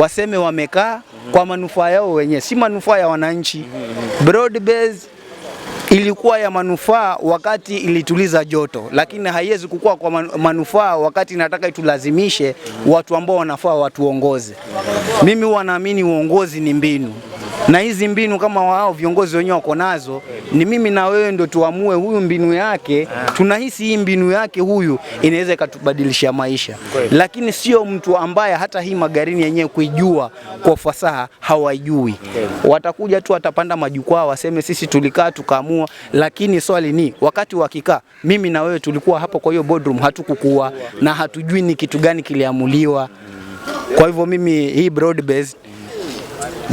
waseme wamekaa kwa manufaa yao wenyewe, si manufaa ya wananchi broad base ilikuwa ya manufaa wakati ilituliza joto, lakini haiwezi kukua kwa manufaa wakati inataka itulazimishe watu ambao wanafaa watuongoze. Mimi huwa naamini uongozi ni mbinu na hizi mbinu kama wao viongozi wenyewe wako nazo, ni mimi na wewe ndo tuamue huyu mbinu yake, tunahisi hii mbinu yake huyu inaweza ikatubadilisha maisha, lakini sio mtu ambaye hata hii magarini yenyewe kuijua kwa fasaha hawajui. Watakuja tu watapanda majukwaa waseme sisi tulikaa tukaamua, lakini swali ni wakati wakikaa, mimi na wewe tulikuwa hapo, kwa hiyo boardroom hatukukua na hatujui ni kitu gani kiliamuliwa. Kwa hivyo mimi hii broad based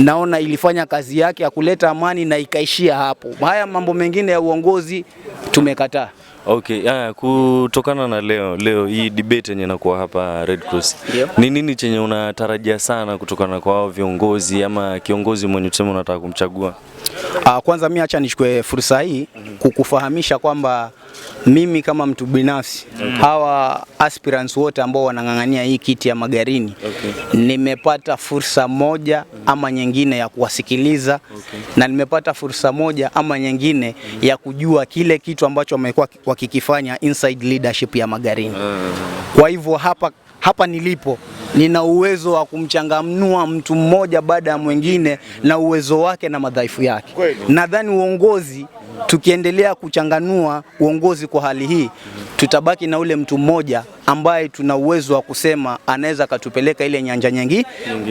naona ilifanya kazi yake ya kuleta amani na ikaishia hapo. Haya mambo mengine ya uongozi tumekataa. Okay, haya kutokana na leo leo hii debate yenye inakuwa hapa Red Cross. Ni nini chenye unatarajia sana kutokana kwa hao viongozi ama kiongozi mwenye tuseme unataka kumchagua? Ah, kwanza mimi acha nichukue fursa hii kukufahamisha kwamba mimi kama mtu binafsi okay. Mm. hawa aspirants wote ambao wanang'ang'ania hii kiti ya Magarini okay. nimepata fursa moja ama nyingine ya kuwasikiliza okay. na nimepata fursa moja ama nyingine mm. ya kujua kile kitu ambacho wamekuwa wakikifanya inside leadership ya Magarini uh. kwa hivyo hapa, hapa nilipo nina uwezo wa kumchangamnua mtu mmoja baada ya mwingine mm -hmm. na uwezo wake na madhaifu yake. Nadhani uongozi tukiendelea kuchanganua uongozi kwa hali hii tutabaki na ule mtu mmoja ambaye tuna uwezo wa kusema anaweza akatupeleka ile nyanja nyingi,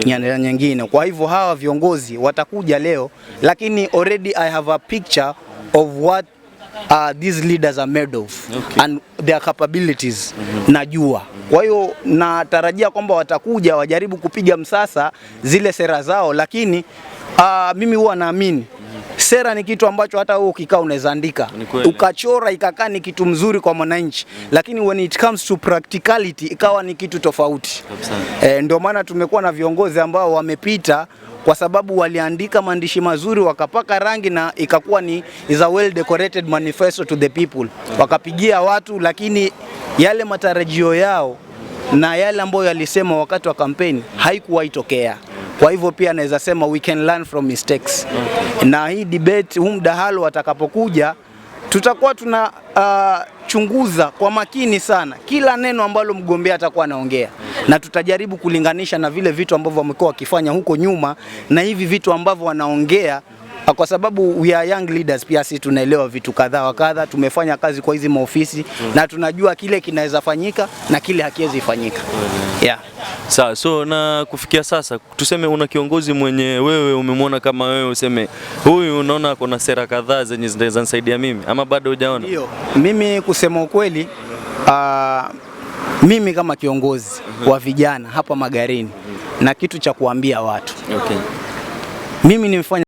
nyanja nyingine. Kwa hivyo hawa viongozi watakuja leo, lakini already I have a picture of what uh, these leaders are made of okay. and their capabilities mm -hmm. najua kwa hiyo natarajia kwamba watakuja wajaribu kupiga msasa zile sera zao, lakini aa, ah, mimi huwa naamini sera ni kitu ambacho hata wewe ukikaa unaweza andika ukachora ikakaa ni kitu mzuri kwa mwananchi mm. Lakini when it comes to practicality ikawa ni kitu tofauti e, ndio maana tumekuwa na viongozi ambao wamepita kwa sababu waliandika maandishi mazuri wakapaka rangi na ikakuwa ni is a well decorated manifesto to the people, wakapigia watu lakini yale matarajio yao na yale ambayo yalisema wakati wa kampeni haikuwaitokea Kwa hivyo pia anaweza sema we can learn from mistakes. Na hii debate, huu mdahalo atakapokuja, tutakuwa tunachunguza uh, kwa makini sana kila neno ambalo mgombea atakuwa anaongea, na tutajaribu kulinganisha na vile vitu ambavyo wamekuwa wakifanya huko nyuma na hivi vitu ambavyo wanaongea Ah, kwa sababu we are young leaders, pia sisi tunaelewa vitu kadhaa wa kadha. Tumefanya kazi kwa hizi maofisi mm. na tunajua kile kinaweza fanyika na kile hakiwezi fanyika mm. yeah. Sawa, so na kufikia sasa, tuseme una kiongozi mwenye wewe umemwona kama wewe useme huyu, unaona kuna sera kadhaa zenye zinaweza nisaidia mimi, ama bado hujaona? Ndio, mimi kusema ukweli uh, mimi kama kiongozi mm -hmm. wa vijana hapa Magarini mm -hmm. na kitu cha kuambia watu okay. mimi nimefanya